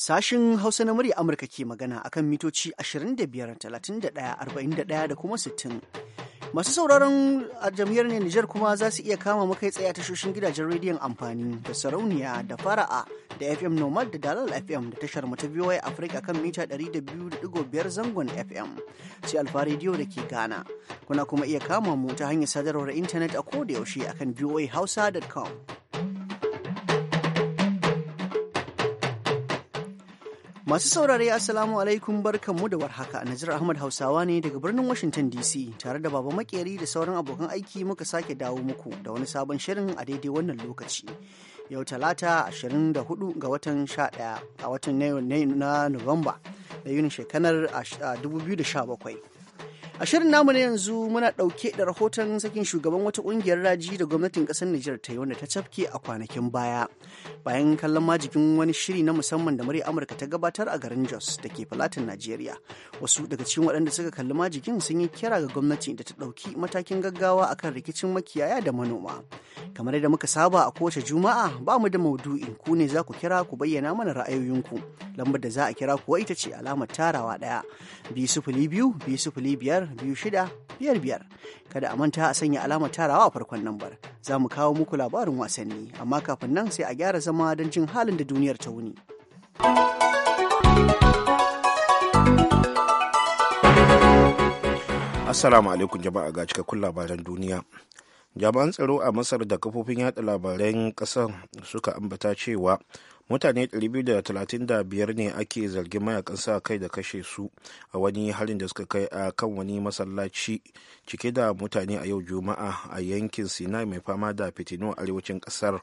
Sashin Hausa na murya Amurka ke magana akan mitoci 25,31,41 da kuma 60. Masu sauraron a jam'iyyar ne Nijar kuma za su iya kama makai tsaye a tashoshin gidajen rediyon amfani da sarauniya da fara'a da FM Nomad da Dalal FM da tashar mata ta VOA Africa kan mita 200.5 zangon FM sai Alfa Radio da ke Ghana. Kuna kuma iya kama mu ta hanyar sadarwar intanet a koda yaushe akan voahausa.com. Masu saurare Assalamu alaikum barkan mu da warhaka Najeriya Ahmad Hausawa ne daga birnin Washington DC tare da Baba Makeri da sauran abokan aiki muka sake dawo muku da wani sabon shirin a daidai wannan lokaci. Yau talata 24 ga watan 11 a watan na Nuwamba da yunin shekarar 2017. Ah, A shirin namu na yanzu muna ɗauke da rahoton sakin shugaban wata ƙungiyar raji da gwamnatin ƙasar Nijar ta yi wanda ta cafke a kwanakin baya. Bayan kallon majikin wani shiri na musamman da murya Amurka ta gabatar a garin Jos da ke Falatin Najeriya. Wasu daga cikin wadanda suka kalli majikin sun yi kira ga gwamnati da ta ɗauki matakin gaggawa akan rikicin makiyaya da manoma. Kamar yadda muka saba a kowace Juma'a ba mu da maudu'i ku ne za ku kira ku bayyana mana ra'ayoyinku. Lambar da za a kira kuwa ita ce alamar tarawa ɗaya. Biyu sufuli biyu, biyu sufuli biyar, biyu shida biyar biyar kada a manta a sanya alamar tarawa a farkon lambar za mu kawo muku labarin wasanni amma kafin nan sai a gyara zama don jin halin da duniyar ta wuni. Assalamu alaikum jama'a ga cikakkun labaran duniya. Jami'an tsaro a Masar da kafofin yada labaran ƙasar suka ambata cewa mutane 235 ne ake zargin mayakan sa kai da kashe su a wani halin da suka kai a kan wani masallaci cike da mutane a yau juma'a a yankin sinai mai fama da fitinu arewacin kasar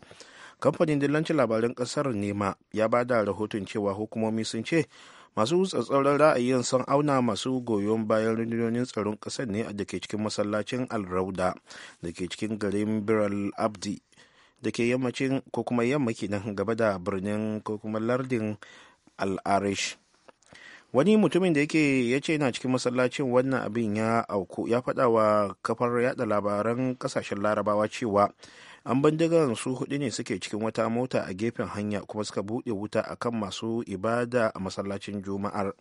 kamfanin dillancin labaran kasar nema ya ba da rahoton cewa hukumomi sun ce masu tsatsauran ra'ayin sun auna masu goyon bayan rundunonin tsaron ƙasar ne da ke cikin masallacin alrauda da ke cikin garin biral abdi da ke yammacin ko kuma yamma kenan gaba da birnin ko kuma lardin al'arish wani mutumin da yake ya ce yana cikin masallacin wannan abin ya auku ya faɗa wa kafar yada labaran kasashen larabawa cewa an bindigan su hudu ne suke cikin wata mota a gefen hanya kuma suka buɗe wuta akan masu ibada a masallacin juma'ar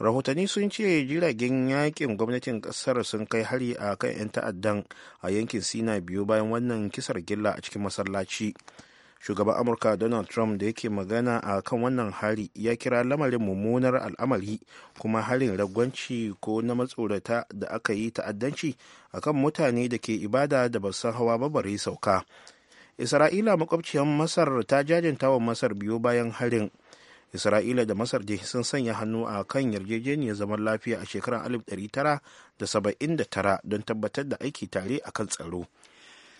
rahotanni sun ce jiragen yakin gwamnatin kasar sun kai hari a kan 'yan ta'addan a yankin sina biyu bayan wannan kisar gilla a cikin masallaci shugaban amurka donald trump da yake magana a kan wannan hari ya kira lamarin mummunar al'amari kuma harin ragwanci ko na matsorata da aka yi ta'addanci a kan mutane da ke ibada da basu hawa babare sauka isra'ila makwabciyar masar ta jajanta wa masar biyu bayan harin isra'ila da masar dai sun sanya hannu a kan yarjejeniyar zaman lafiya a shekarar 1979 don tabbatar da aiki tare a kan tsaro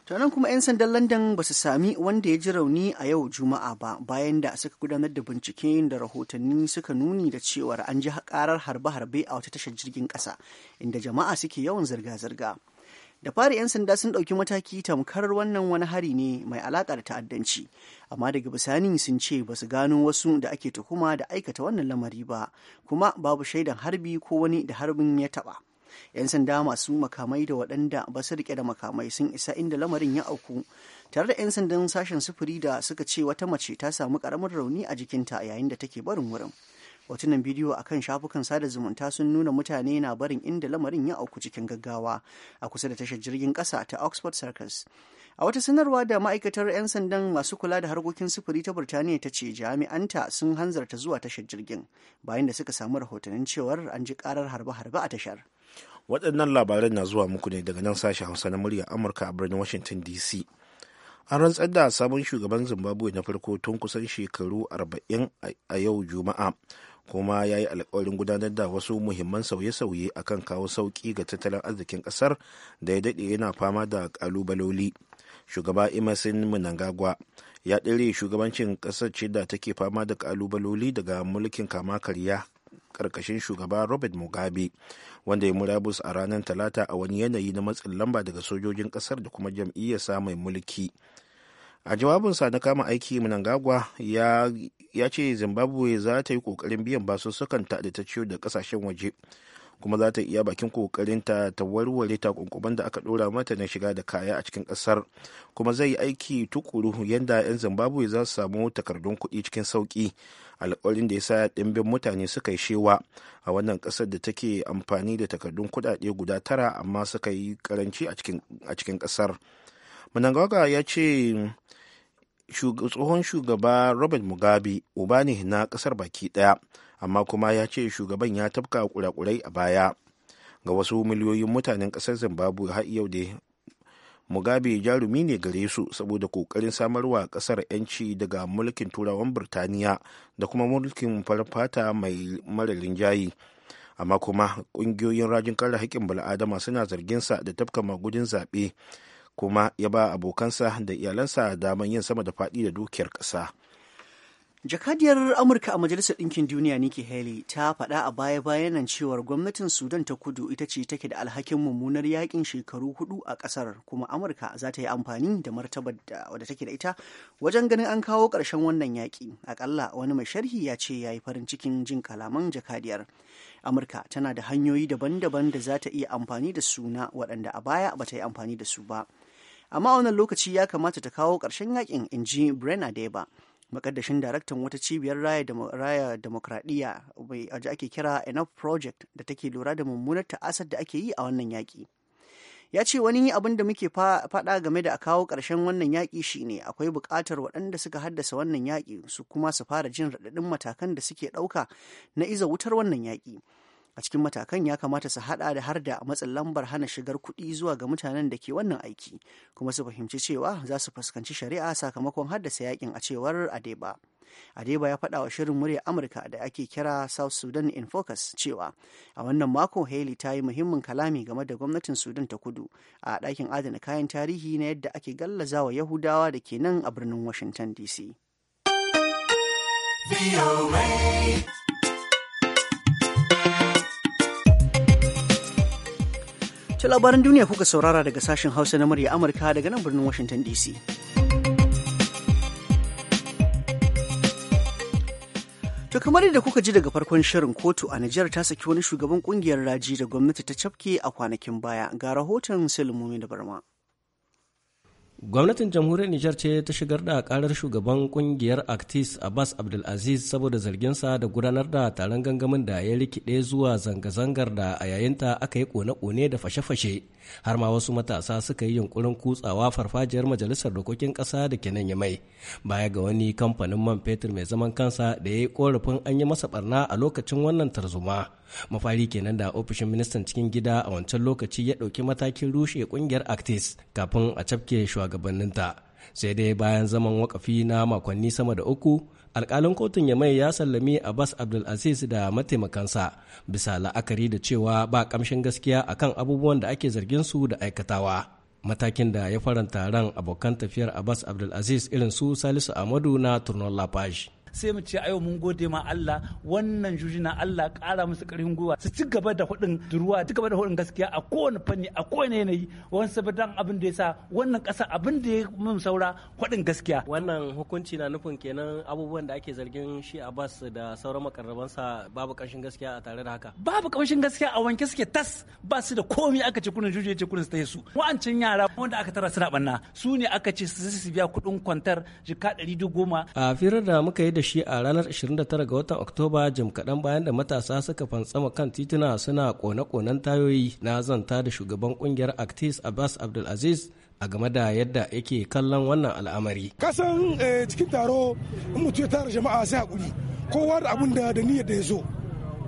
taron kuma 'yan sandan london ba su sami wanda ya ji rauni a yau juma'a ba bayan da suka gudanar da bincike da rahotanni suka nuni da cewar an ji karar harbe-harbe a wata tashar jirgin ƙasa inda jama'a suke yawan zirga-zirga da fari 'yan sanda sun ɗauki mataki tamkar wannan wani hari ne mai alaƙa da ta'addanci amma daga bisani sun ce ba su gano wasu da ake tuhuma da aikata wannan lamari ba kuma babu shaidan harbi ko wani da harbin ya taɓa 'yan sanda masu makamai da waɗanda ba su rike da makamai sun isa inda lamarin ya auku tare da 'yan sandan sashen sufuri da suka ce wata mace ta samu ƙaramin rauni a jikinta yayin da take barin wurin hotunan bidiyo a kan shafukan sada zumunta sun nuna mutane na barin inda lamarin ya auku cikin gaggawa a kusa da tashar jirgin kasa ta oxford circus a wata sanarwa da ma'aikatar 'yan sandan masu kula da harkokin sufuri ta burtaniya ta ce jami'anta sun hanzarta zuwa tashar jirgin bayan da suka samu rahotannin cewar an ji karar harbe-harbe a tashar waɗannan labaran na zuwa muku ne daga nan sashen hausa na murya amurka a birnin washington dc an rantsar da sabon shugaban zimbabwe na farko tun kusan shekaru arba'in a yau juma'a kuma ya yi alkawarin gudanar da wasu muhimman sauye-sauye a kan kawo sauƙi ga tattalin arzikin ƙasar da ya daɗe yana fama da ƙalubaloli shugaba emerson munangagwa ya ɗire shugabancin ƙasar ce da take fama da ƙalubaloli daga mulkin kama karya ƙarƙashin shugaba robert mugabe wanda ya murabus a ranar talata a wani yanayi na matsin lamba daga sojojin ƙasar da kuma jam'iyyarsa mai mulki a jawabinsa na kama aiki munangagwa ya ya ce zimbabwe za ta yi kokarin biyan basussukanta da ta ciyo da kasashen waje kuma za ta iya bakin kokarinta ta ta warware takunkuman da aka dora mata na shiga da kaya a cikin kasar kuma zai yi aiki tukuru yadda 'yan zimbabwe za su samu takardun kuɗi cikin sauƙi alƙawarin da ya sa ɗimbin mutane suka yi shewa a wannan ƙasar da take amfani da takardun kuɗaɗe guda tara amma suka yi ƙaranci a cikin ƙasar Mnangagwa ya ce tsohon shugaba robert mugabe uba ne na kasar baki daya amma kuma ya ce shugaban ya tafka kurakurai a baya ga wasu miliyoyin mutanen kasar zimbabwe har yau da mugabe jarumi ne gare su saboda kokarin samarwa kasar yanci daga mulkin turawan birtaniya da kuma mulkin farfata mai mara linjayi amma kuma kungiyoyin rajin kare haƙƙin bala'adama suna zargin sa da tafka magudin zaɓe kuma ya ba abokansa da iyalansa daman yin sama da faɗi da dukiyar ƙasa. jakadiyar amurka a majalisar ɗinkin duniya nikki haley ta faɗa a baya-bayan nan cewar gwamnatin sudan ta kudu ita ce take da alhakin mummunar yakin shekaru hudu a ƙasar kuma amurka za ta yi amfani da martabar da take da ita wajen ganin an kawo ƙarshen wannan yaƙi akalla wani mai sharhi ya ce ya yi farin cikin jin kalaman jakadiyar amurka tana da hanyoyi daban-daban da za ta iya amfani da su na waɗanda a baya ba ta yi amfani da su ba amma a wannan lokaci ya kamata ta kawo ƙarshen yakin in ji brena deba makaddashin daraktan wata cibiyar raya demokradiyya aji ake kira enough project da take lura da mummunar ta'asar da ake yi a wannan yaƙi ya ce wani abin da muke faɗa game da a kawo ƙarshen wannan yaƙi shine akwai bukatar waɗanda suka haddasa wannan yaƙi su kuma su fara jin raɗaɗin matakan da suke ɗauka na iza wutar wannan yaƙi a cikin matakan ya kamata su hada da har da matsin lambar hana shigar kuɗi zuwa ga mutanen da ke wannan aiki kuma su fahimci cewa za su fuskanci shari'a sakamakon haddasa yakin a cewar adeba adeba ya faɗa wa shirin murya amurka da ake kira south sudan in focus cewa a wannan mako haley ta yi muhimmin kalami game da gwamnatin sudan ta kudu a ɗakin adana kayan tarihi na yadda ake gallazawa yahudawa da ke nan a birnin washington dc To labaran duniya kuka saurara daga sashen Hausa na murya Amurka daga nan birnin Washington DC. To kamar yadda kuka ji daga farkon shirin kotu a Nijar ta saki wani shugaban kungiyar raji da gwamnati ta cafke a kwanakin baya ga rahoton Sulmumi da Barma. Gwamnatin jamhuriyar Nijar ce ta shigar da karar shugaban kungiyar Actis Abbas Abdulaziz saboda zargin sa da gudanar da taron gangamin da ya rikide zuwa zanga-zangar da a yayinta aka yi kone-kone da fashe-fashe har ma wasu matasa suka yi yunkurin kutsawa farfajiyar majalisar dokokin ƙasa da kenan ya mai baya ga wani kamfanin man fetur mai zaman kansa da ya yi korafin an yi masa barna a lokacin wannan tarzoma. mafari kenan da ofishin ministan cikin gida a wancan lokaci ya ɗauki matakin rushe ƙungiyar actis kafin a cafke shugabanninta sai dai bayan zaman wakafi na makonni sama da uku alkalin kotun ya mai ya sallami abbas abdulaziz da mataimakansa bisa la'akari da cewa ba kamshin gaskiya akan abubuwan da ake zargin su da aikatawa matakin da ya faranta ran abokan tafiyar abbas abdulaziz irin su salisu amadu na turnon lafashi sai mu ce a yau mun gode ma Allah wannan jujina Allah ƙara musu karfin gwiwa su ci gaba da hudin duruwa ci gaba da hudin gaskiya a kowane fanni a kowane yanayi wani dan abin da ya sa wannan ƙasa abin da ya mun saura hudin gaskiya wannan hukunci na nufin kenan abubuwan da ake zargin shi Abbas da sauran makarrabansa babu ƙarshen gaskiya a tare da haka babu ƙarshen gaskiya a wanke suke tas ba su da komai aka ce kunan jujuje ya ce kunan su ta su wa'ancin yara wanda aka tara suna banna su ne aka ce su biya kuɗin kwantar jika ɗari goma a firar da muka yi da shi a ranar 29 ga watan Oktoba jim kaɗan bayan da matasa suka fantsama kan tituna suna kone konan tayoyi na zanta da shugaban kungiyar Actis Abbas Abdulaziz a game da yadda yake kallon wannan al'amari. Kasan eh, cikin taro in mutu ya tara jama'a sai hakuri kowa da abun da da niyyar da ya zo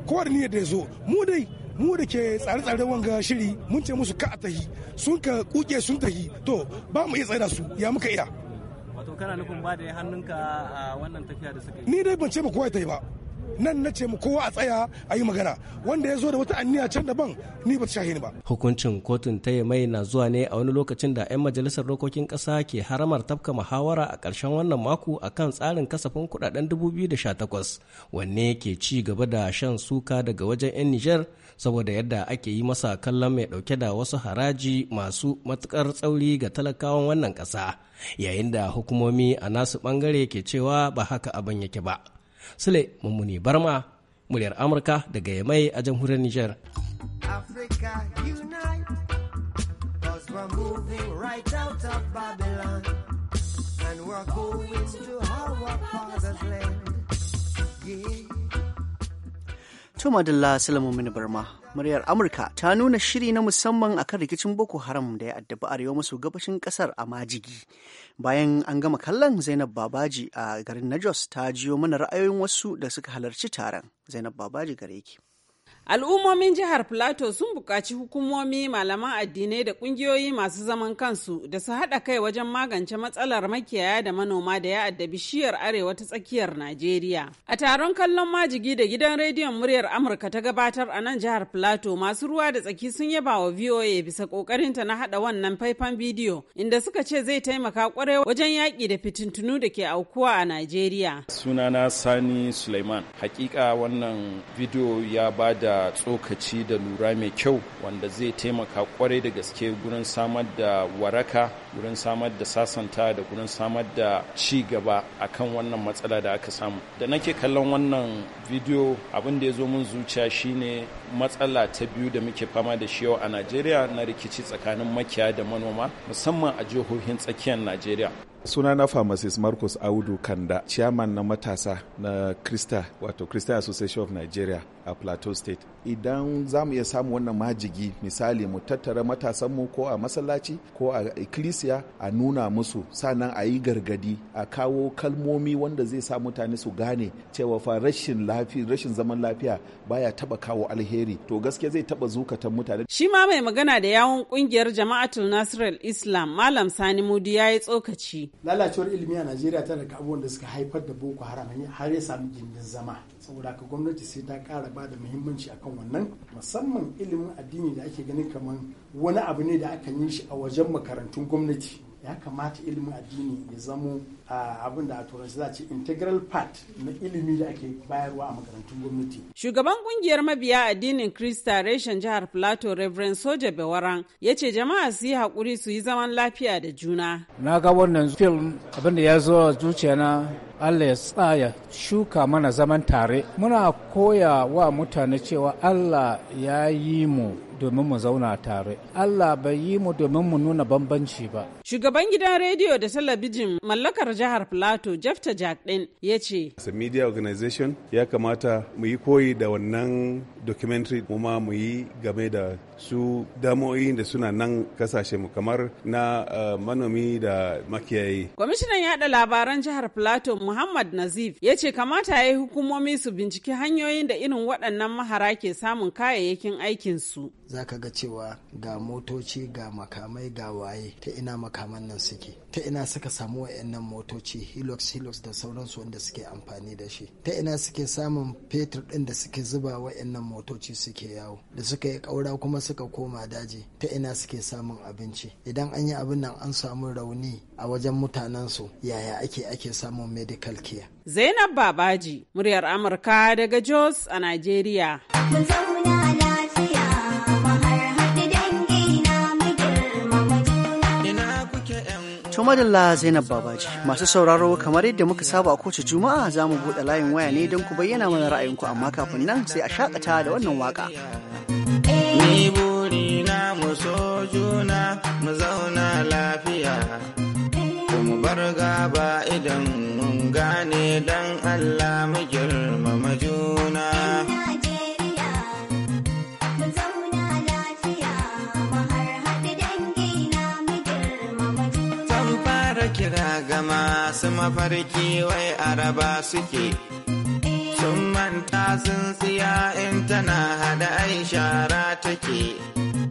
kowa da niyyar da ya zo mu dai mu da ke tsare-tsare wanga shiri mun ce musu ka a tahi sun ka kuke sun tahi to ba mu iya tsaye su ya muka iya kana nufin ba da hannunka a wannan tafiya da suka yi ni dai ban ce ba kowa ta yi ba nan na ce mu kowa a tsaya a yi magana wanda ya zo da wata anniya can daban ni ba ta shahi ba. Hukuncin kotun ta mai na zuwa ne a wani lokacin da 'yan majalisar dokokin kasa ke haramar tafka muhawara a ƙarshen wannan mako akan tsarin kasafin kudaden 2018 wanne ke ci gaba da shan suka daga wajen 'yan Nijar saboda yadda ake yi masa kallon mai dauke da wasu haraji masu matukar tsauri ga talakawan wannan ƙasa yayin da hukumomi a nasu ɓangare ke cewa ba haka abin yake ba. Sule Mummuni Barma, muryar Amurka daga Yamai a jamhuriyar niger. Yeah. To Madalla Salamu Barma, muryar Amurka ta nuna shiri na musamman akan rikicin Boko Haram da ya addabi arewa maso gabashin kasar a Majigi. Bayan an gama kallon Zainab Babaji a garin Najos ta jiyo mana ra'ayoyin wasu da suka halarci taron. Zainab Babaji gare ki. Al'ummomin jihar Plateau sun buƙaci hukumomi, malaman addinai da ƙungiyoyi masu zaman kansu da su haɗa kai wajen magance matsalar makiyaya da manoma da ya addabi shiyar arewa ta tsakiyar Najeriya. A taron kallon majigi da gidan rediyon muryar Amurka ta gabatar a nan jihar Plateau masu ruwa da tsaki sun yaba wa VOA bisa ƙoƙarinta na haɗa wannan faifan bidiyo inda suka ce zai taimaka ƙwarai wajen yaƙi da fitintunu da ke aukuwa a Najeriya. Sunana Sani Suleiman. Hakika wannan bidiyo ya bada da tsokaci da lura mai kyau wanda zai taimaka kwarai da gaske gurin samar da waraka gurin samar da sasanta da gurin samar da ci gaba akan wannan matsala da aka samu da nake kallon wannan bidiyo abin da ya zo min zuciya shine matsala ta biyu da muke fama da shi yau a najeriya na rikici tsakanin makiya da manoma musamman a jihohin tsakiyar najeriya suna na pharmacist marcus audu kanda chairman na matasa na krista wato krista association of nigeria a plateau state idan za mu iya samu wannan majigi misali mu tattara matasanmu ko a masallaci ko a ikkilisiya a nuna musu sannan a yi gargadi a kawo kalmomi wanda zai sa mutane su gane cewa fa rashin lafiya rashin zaman lafiya baya taba kawo alheri to gaske zai taba zukatan mutane shi ma mai magana da yawun kungiyar jama'atul nasrul islam malam sani mudi ya yi tsokaci lalacewar ilimi a najeriya tana da abubuwan da suka haifar da boko haram har ya samu gindin zama saboda ka gwamnati sai ta kara ba da muhimmanci akan wannan musamman ilimin addini da ake ganin kamar wani abu ne da aka yi shi a wajen makarantun gwamnati ya kamata ilimin addini ya zamo abin da a turanci za ce integral part na ilimi da ake bayarwa a makarantun gwamnati. Shugaban kungiyar mabiya addinin Krista reshen jihar Plateau Reverend Soja Bewaran ya ce jama'a su yi haƙuri su yi zaman lafiya da juna. Na ga wannan film abin da ya zo zuciya na Allah ya tsaya shuka mana zaman tare. Muna koya wa mutane cewa Allah ya yi mu domin mu zauna tare. Allah bai yi mu domin mu nuna bambanci ba. Shugaban gidan rediyo da talabijin mallakar jihar Plateau Jefta Jack din ya ce. As a media organization ya kamata mu yi koyi da wannan documentary kuma mu yi game da su damoyi da suna nan kasashe mu kamar na uh, manomi da makiyayi. Kwamishinan yada labaran jihar Plateau Muhammad Nazif ya ce kamata ya yi hukumomi su binciki hanyoyin da irin waɗannan mahara ke samun kayayyakin aikinsu. za ka ga cewa ga motoci ga makamai ga waye ta ina makaman nan suke ta ina suka samu wa'annan motoci hilux hilux da sauransu wanda suke amfani da shi ta ina suke samun fetur ɗin da suke zuba wa'annan motoci suke yawo da suka yi ƙaura kuma suka koma daji ta ina suke samun abinci idan an yi abin nan an samu rauni a wajen mutanensu yaya ake ake samun medical care zainab babaji muryar amurka daga jos a najeriya To Zainab Babaji masu sauraro kamar yadda muka saba a kowace juma'a za mu buɗe layin waya ne don ku bayyana mana ra'ayinku amma kafin nan sai a shakata da wannan waka. Ni mu so juna mu zauna lafiya mu bar gaba idan mun gane dan Allah mu girmama juna. masu mafarki wai araba suke sun manta sun siya in tana hada ai shara take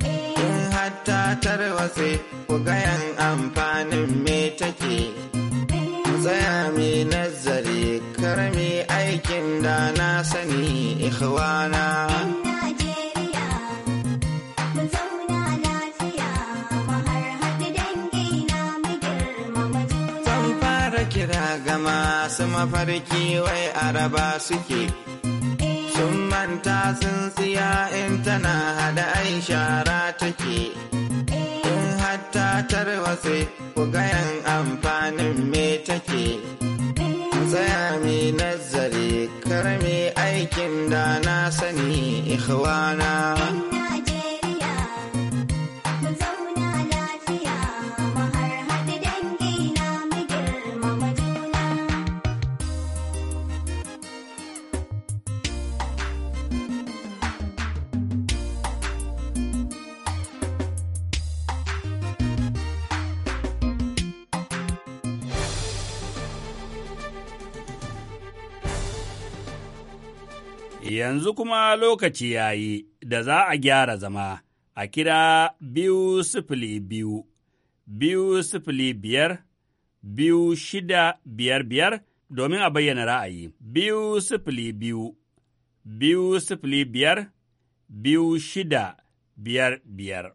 in hatta tarwatse ku gayan amfanin me take tsaya mai nazari karmi aikin da na sani ikhwana. mafarki wai araba suke sun manta sun siya in tana hada ai shara take in hatta tarwatse ku gayan amfanin me take tsaya mai nazari karmi aikin da na sani ikhwana. Yanzu kuma lokaci ya yi da za a gyara zama a kira biyu sifili biyu, biyu sifili biyar, biyu shida biyar biyar domin a bayyana ra'ayi. Biyu sifili biyu, biyu sifili biyar, biyu shida biyar biyar.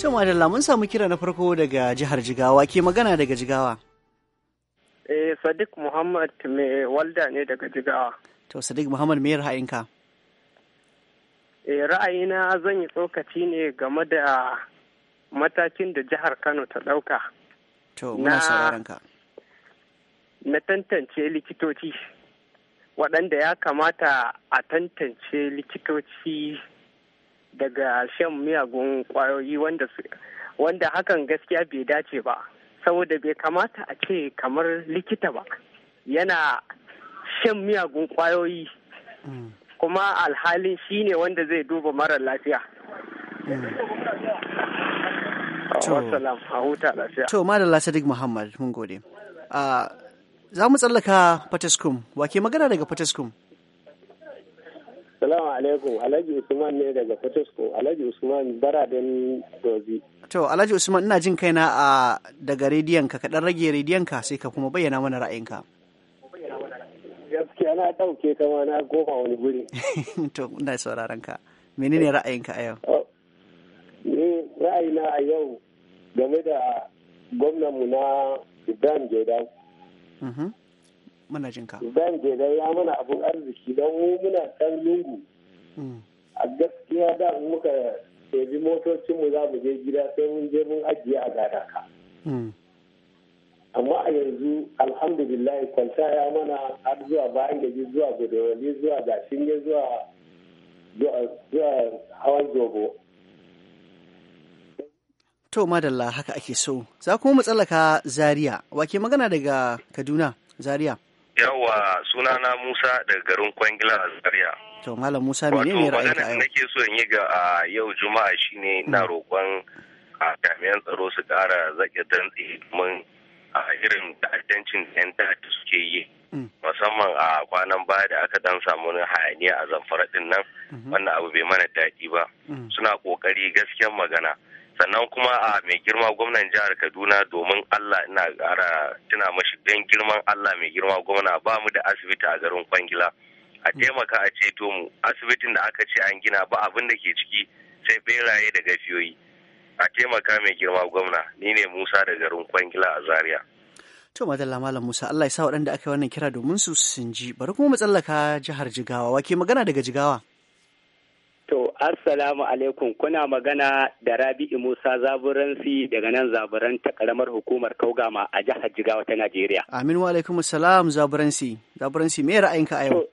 Tuma da mun samu kira na farko daga jihar Jigawa, ke magana daga Jigawa. Eh Sadiq Muhammad mai walda ne daga Jigawa. To Sadiq Muhammad me ra'ayinka? Eh ra'ayina zan yi tsokaci ne game da matakin da jihar Kano ta ɗauka. To muna sauraron ka. Na tantance likitoci. Waɗanda ya kamata a tantance likitoci daga shan miyagun ƙwayoyi wanda hakan gaskiya bai dace ba. saboda bai kamata a ce kamar likita ba yana shan miyagun kwayoyi mm. kuma alhalin shi ne wanda zai duba marar mm. lafiya to madalla sadiq muhammad mun gode ah, za mu tsallaka fataskum wake magana daga fataskum Salamu alaikum, Alhaji Usman ne daga Fatisko, Alhaji Usman Baradin Dozi. To, Alhaji Usman ina jin kaina a daga rediyonka, ka kaɗan rage rediyonka sai ka kuma bayyana mana ra'ayinka. Gaskiya na ɗauke kama na goma wani guri. To, ina sauraron ka. Menene ra'ayinka a yau? Oh, ni ra'ayina a yau game da gwamnanmu na Ibrahim mm-hmm. Jaidaw. muna jin ka zan je dai ya mana abun arziki don mu muna ɗan lungu hmm. a gaskiya da muka ɗebi motocin mu za mu je gida sai mun je mun ajiye a gada ka hmm. amma a yanzu alhamdulillah kwanta ya mana har zuwa bayan gaji zuwa godewali zuwa gashin ya zuwa hawan zobo To madalla haka ake so. Za kuma mu tsallaka Zaria. Wake magana daga Kaduna, Zaria. yawa sunana musa daga garin kwangila a zaria to malam musa ne ra'ayinka yau nake so in yi ga yau juma'a shine na mm. roƙon jami'an tsaro su ƙara zaƙe dantse a irin ta'addancin da 'yan ta'adda suke yi mm. musamman a kwanan baya da aka dan samu hayaniya a zamfara din nan mm-hmm. wannan abu bai mana daɗi ba mm. suna ƙoƙari gaskiyar magana sannan kuma a mai girma gwamnan jihar kaduna domin allah ina ƙara tuna mashi don girman allah mai girma gwamna ba mu da asibiti a garin kwangila a hmm. taimaka a ceto mu asibitin da aka ce an gina ba abin da ke ciki sai beraye da gafiyoyi a taimaka mai girma gwamna ni ne musa da garin kwangila a zaria to madalla malam musa allah ya sa waɗanda aka yi wannan kira domin su sun bari kuma mu tsallaka jihar jigawa wake magana daga jigawa To, Assalamu alaikum kuna magana da Rabi'u Musa Zaburansi daga nan zaburan ta karamar hukumar Kaugama a jihar Jigawa ta Najeriya. Amin wa alaikum salam Zaburansi. Zaburansi me ra'ayinka a yau?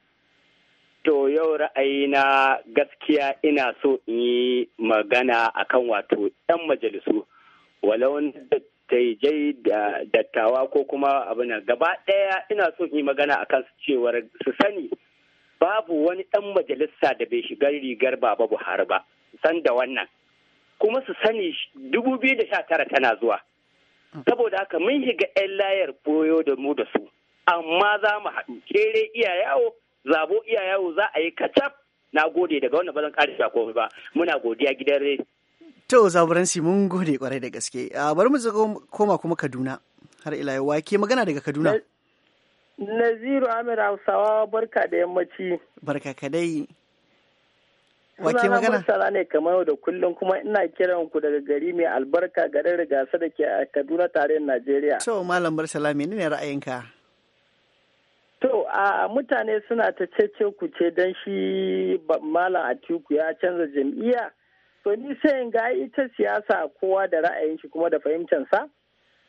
To yau ra'ayina gaskiya ina so in yi magana a kan wato 'yan majalisu walau dattijai da dattawa ko kuma abin gaba ɗaya ina so in yi magana a kan cewar su sani babu wani ɗan majalisa da bai shiga rigar baba buhari ba san da wannan kuma su sani dubu biyu da sha tara tana zuwa saboda haka mun shiga 'yan layar boyo da mu da su amma za mu haɗu kere iya yawo zabo iya yawo za a yi kacaf na gode daga wannan ba shi a komai ba muna godiya gidan re. To zaburansi mun gode kwarai da gaske. Ah, bari mu koma kuma Kaduna har ila yau ke magana daga Kaduna. Eh, Naziru Amir Hausawa barka da yammaci. Barka ka dai. Wake magana? ne kamar yau da kullum kuma ina kiran ku daga gari mai albarka garin rigasa da ke a Kaduna tarayyar Najeriya. To Malam Barsala menene ra'ayinka? To a mutane suna ta cece ku ce don shi Malam Atiku ya canza jam'iyya. To ni sai in ga ita siyasa kowa da ra'ayin shi kuma da fahimtansa.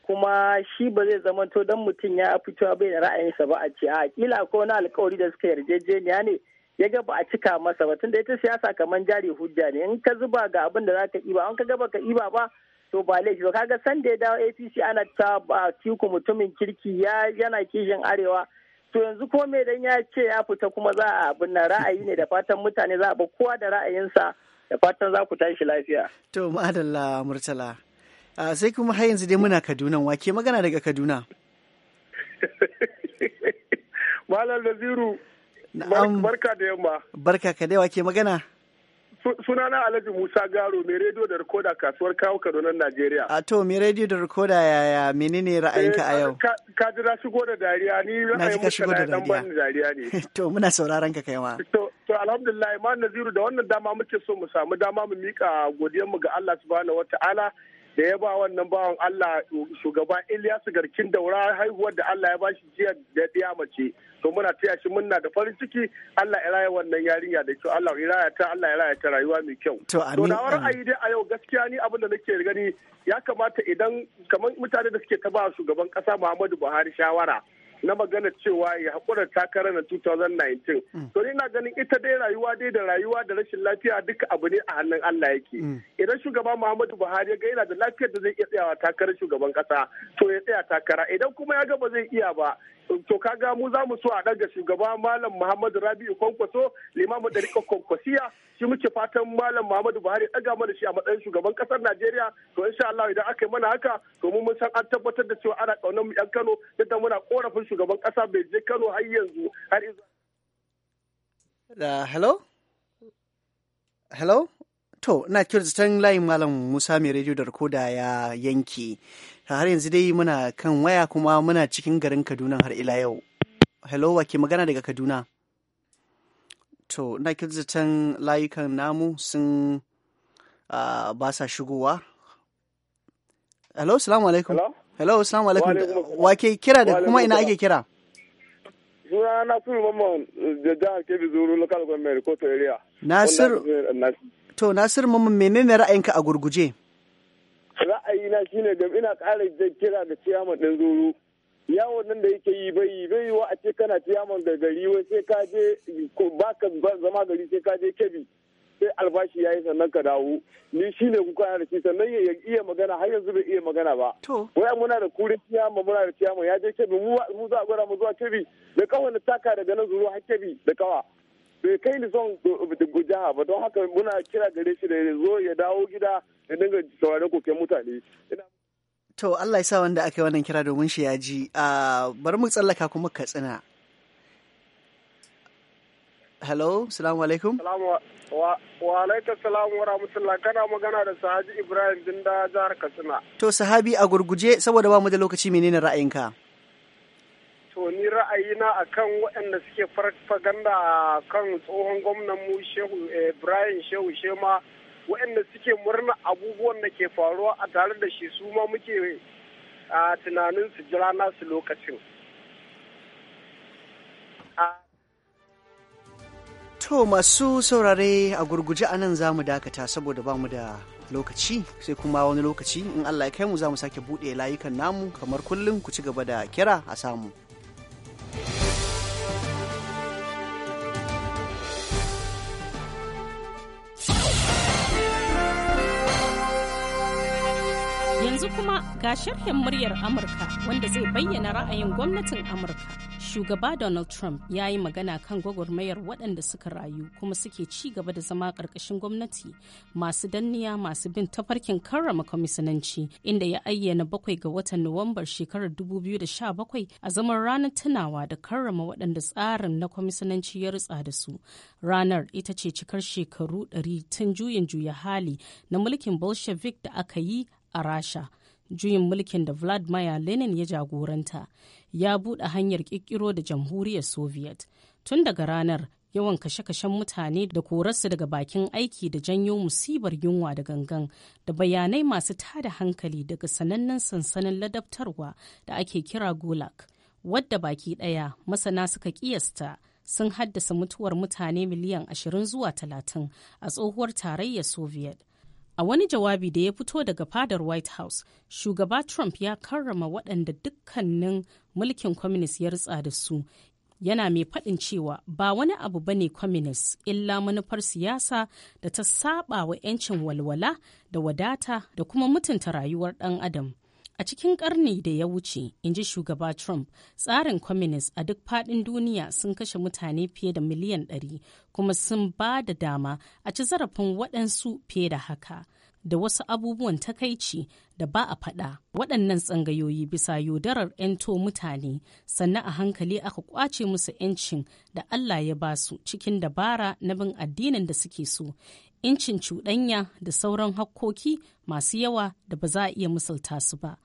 kuma shi ba zai zama to don mutum ya fito bai da ra'ayinsa ba a ce a kila ko na alkawari da suka yarjejeniya ne ya ga ba a cika masa ba tunda ita siyasa kamar jari hujja ne in ka zuba ga abin da zaka iba an ka ga ka iba ba to ba laifi ba kaga san da ya dawo APC ana ta ba tiku mutumin kirki ya yana kishin arewa to yanzu ko me dan ya ce ya fita kuma za a abin na ra'ayi ne da fatan mutane za a ba kowa da ra'ayinsa da fatan za ku tashi lafiya to madalla murtala Ah, sai kuma har yanzu dai muna Kaduna wake magana daga Kaduna. Malam Naziru barka da yamma. Barka ka dai wake magana. Sunana Alhaji Musa Garo mai rediyo da rikoda kasuwar kawo Kaduna Najeriya. A ah, to mai rediyo da rikoda yaya menene ra'ayinka a eh, yau? Ka ji na shigo da dariya ni ra'ayin mutane dan da dariya ne. To muna sauraron ka kai ma. to alhamdulillah ma naziru da wannan dama muke so mu samu dama mu mika godiyar mu ga Allah subhanahu wataala da ya ba wannan bawan Allah shugaba Iliya Ilyasu Garkin daura haihuwar da Allah ya ba shi jiya da ɗiya mace to muna taya shi muna da farin ciki Allah ya raya wannan yarinya da kyau Allah ya raya ta Allah ya raya ta rayuwa mai kyau to na ra'ayi dai a yau gaskiya ni abin da nake gani ya kamata idan kamar mutane da suke ta ba shugaban kasa Muhammadu Buhari shawara na magana cewa ya haƙura takara na 2019 to ni na ganin ita dai rayuwa dai da rayuwa da rashin lafiya duka abu ne a hannun Allah yake mm. idan shugaba Muhammadu Buhari ya ga yana da lafiyar da zai iya tsayawa takarar shugaban kasa to ya tsaya takara idan kuma ya ga ba zai iya ba to ga mu za mu so a ɗaga shugaba malam muhammadu rabi'u kwankwaso limamu ɗarika kwankwasiya shi muke fatan malam muhammadu buhari ɗaga mana shi a matsayin shugaban ƙasar najeriya to insha allah idan aka yi mana haka to mu mun san an tabbatar da cewa ana ƙaunar mu yan kano yadda muna korafin shugaban ƙasa bai je kano har yanzu har izu. hello hello to ina kirtan layin malam musa mai rediyo da rikoda ya yanke har yanzu dai muna kan waya kuma muna cikin garin kaduna har ila yau hello wa ke magana daga kaduna to na kirzitan layukan namu sun uh, ba sa shigowa hello salamu alaikum hello salamu alaikum wa ke kira da kuma ina ake kira suna kuri mamma da jihar kebbi zuru local government kotu area nasir to nasir mamma menene ra'ayinka a gurguje ra'ayi na shine da ina ƙara kira da ciyaman ɗin zuru yawon nan da yake yi bai bai wa a ce kana ciyaman da gari wai sai ka je ba ka zama gari sai ka je kebi sai albashi ya yi sannan ka dawo ni shi ne kuka da shi sannan ya iya magana har yanzu bai iya magana ba wai muna da kurin ciyama muna da ciyama ya je kebi mu za a gwada mu zuwa kebi da kawai na taka daga nan zuru har kebi da kawa bai kai ni son jiha ba don haka muna kira gare shi da ya zo ya dawo gida ya dinga sauraron koken mutane. To Allah ya sa wanda aka yi wannan kira domin shi ya ji ah, bari mu tsallaka kuma katsina. Hello, salamu alaikum. Wa alaikum salamu wa rahmatullah kana magana da Sahabi Ibrahim Dinda jihar Katsina. To Sahabi a gurguje saboda ba mu da lokaci menene ra'ayinka? to ni ra'ayina akan waɗanda suke farfaganda a kan tsohon gwamnan mu shehu eh, ibrahim shehu shema waɗanda suke murna abubuwan da ke faruwa a tare da shi su ma muke a tunanin su jira nasu lokacin To masu saurare a gurguje a nan za mu dakata saboda ba mu da lokaci sai kuma wani lokaci in Allah ya kai mu za mu sake buɗe layukan namu kamar kullum ku ci gaba da kira a samu. ga sharhin muryar Amurka wanda zai bayyana ra'ayin gwamnatin Amurka. Shugaba Donald Trump ya yi magana kan gwagwarmayar waɗanda suka rayu kuma suke ci gaba da zama ƙarƙashin gwamnati masu danniya masu bin tafarkin karrama kwamisananci inda ya ayyana bakwai ga watan Nuwambar shekarar 2017 a zaman ranar tunawa da karrama waɗanda tsarin na kwamisananci ya rutsa da su. Ranar ita ce cikar shekaru 100 tun juyin juya hali na mulkin Bolshevik da aka yi a Rasha. juyin mulkin da vladimir lenin ya jagoranta ya buɗe hanyar ƙirƙiro da jamhuriyar soviet tun daga ranar yawan kashe-kashen mutane da korarsu daga bakin aiki da janyo musibar yunwa da gangan da bayanai masu tada hankali daga sanannen sansanin ladabtarwa da ake kira gulag wadda baki ɗaya masana suka kiyasta sun haddasa mutuwar mutane miliyan 20 zuwa 30 a tsohuwar tarayyar soviet A wani jawabi da ya fito daga fadar White House, shugaba Trump ya karrama waɗanda dukkanin mulkin communist ya ritsa da su. Yana mai faɗin cewa ba wani abu ba ne communist illa manufar siyasa da ta saba wa 'yancin walwala da wadata da kuma mutunta rayuwar ɗan adam. A cikin karni da ya wuce, in ji shugaba Trump, tsarin communist a duk faɗin duniya sun kashe mutane fiye da miliyan ɗari kuma sun ba da dama a ci zarafin waɗansu fiye da haka. Da wasu abubuwan takaici da ba a faɗa waɗannan tsangayoyi bisa yaudarar 'yanto mutane sannan a hankali aka ƙwace musu 'yancin da Allah ya ba su cikin dabara na bin addinin da suke so incin cuɗanya da sauran hakkoki masu yawa da ba za a iya misalta su ba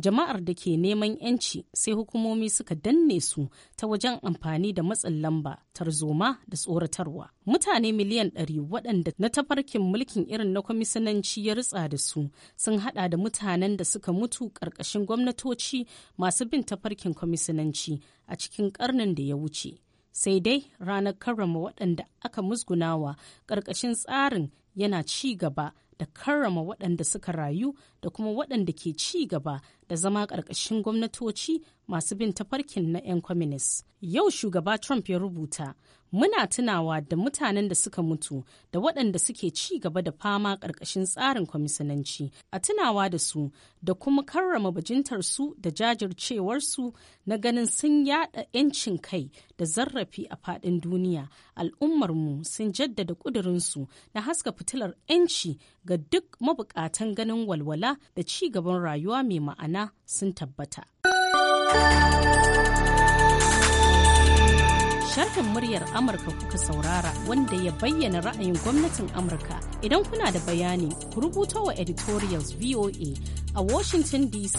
jama'ar da ke neman 'yanci sai hukumomi suka danne su ta wajen amfani da matsin lamba tarzoma da tsoratarwa mutane miliyan 100 waɗanda na tafarkin mulkin irin na kwamisananci ya ritsa da su sun hada da mutanen da suka mutu ƙarƙashin gwamnatoci masu bin tafarkin kwamisananci a cikin ƙarnin da ya wuce sai dai ranar karrama waɗanda aka musgunawa ƙarƙashin tsarin yana ci gaba da karrama waɗanda suka rayu da kuma waɗanda ke ci gaba da zama ƙarƙashin gwamnatoci masu bin tafarkin na 'yan kwaminis. Yau shugaba Trump ya rubuta, muna tunawa da mutanen da suka mutu da waɗanda suke ci gaba da fama ƙarƙashin tsarin kwamisananci, a tunawa da su da kuma karrama bajintarsu da jajircewarsu na ganin sun yaɗa 'yancin kai da zarrafi a faɗin duniya. Al'ummarmu sun jaddada ƙudurinsu na haska fitilar 'yanci ga duk mabukatan ganin walwala da ci gaban rayuwa mai ma'ana sun tabbata. Sharhin muryar Amurka kuka saurara wanda ya bayyana ra'ayin gwamnatin Amurka Idan kuna da bayani, ku rubuta wa editorials VOA a Washington DC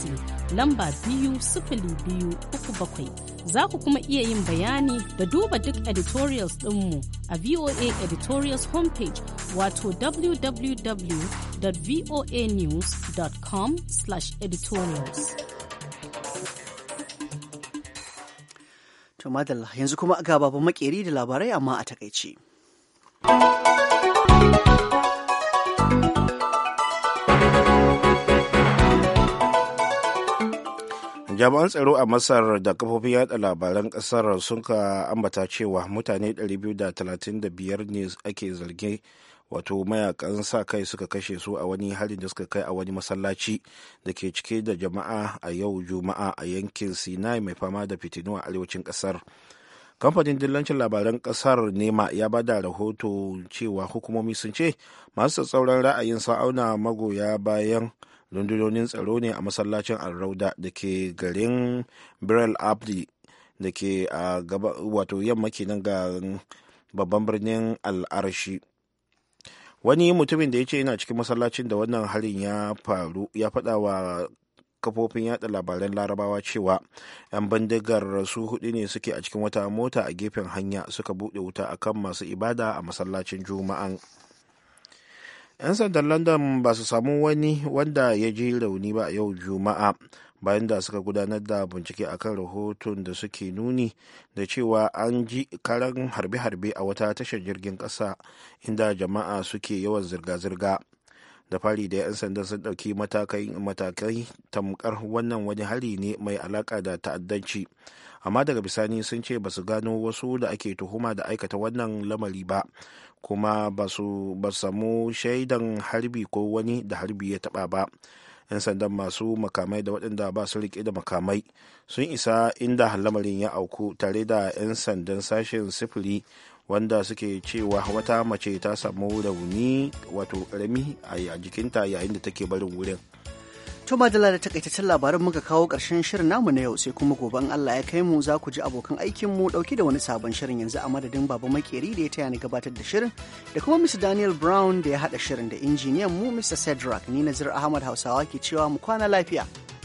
lamba biyu sifili biyu uku bakwai. Za ku kuma iya yin bayani da duba duk editorials ɗinmu a VOA editorials homepage wato www.voanews.com/editorials. To yanzu kuma ga babu makeri da labarai amma a takaice. jami'an tsaro a masar da kafofin yada labaran kasar sun ka ambata cewa mutane 235 ne ake zargin wato mayakan sa kai suka kashe su a wani harin da suka kai a wani masallaci da ke cike da jama'a a yau juma'a a yankin sinai mai fama da fitinu a arewacin kasar kamfanin dillancin labaran kasar nema ya ba da rahoto cewa hukumomi sun ce masu tsauran ra'ayin sa'auna magoya bayan rundunonin tsaro ne a masallacin alrauda da ke garin birel abdi da ke a gaba wato yamma kenan ga babban birnin al'arshi wani mutumin da ya ce yana cikin masallacin da wannan harin ya faru ya faɗa wa kafofin yada labaran larabawa cewa 'yan bindigar su hudu ne suke a cikin wata mota a gefen hanya suka buɗe wuta akan masu ibada a masallacin juma'an. 'yan sandan london ba su samu wani wanda ya ji rauni ba yau juma'a bayan da suka gudanar da bincike akan rahoton da suke nuni da cewa an ji karan harbe-harbe a wata tashar jirgin kasa inda jama'a suke yawan zirga-zirga da fari da 'yan sandan sun ɗauki matakai tamkar wannan wani hari ne mai alaka da ta'addanci amma daga bisani sun ce ba su gano wasu da ake tuhuma da aikata wannan lamari ba kuma ba su samu shaidan harbi ko wani da harbi ya taba ba yan sandan masu makamai da waɗanda ba su rike da makamai sun isa inda lamarin ya auku tare da 'yan sandan sashen sifiri wanda suke cewa wata mace ta samu rauni wato rami a jikinta yayin da take barin wurin. To dala da takaitaccen labarin muka kawo ƙarshen shirin namu na yau sai kuma gobe in Allah ya kai mu za ku ji abokan aikin mu dauki da wani sabon shirin yanzu a madadin Baba Makeri da ya taya ni gabatar da shirin da kuma Mr. Daniel Brown da ya hada shirin da injiniyan mu Mr. Cedric ni Nazir Ahmad Hausawa ke cewa mu kwana lafiya.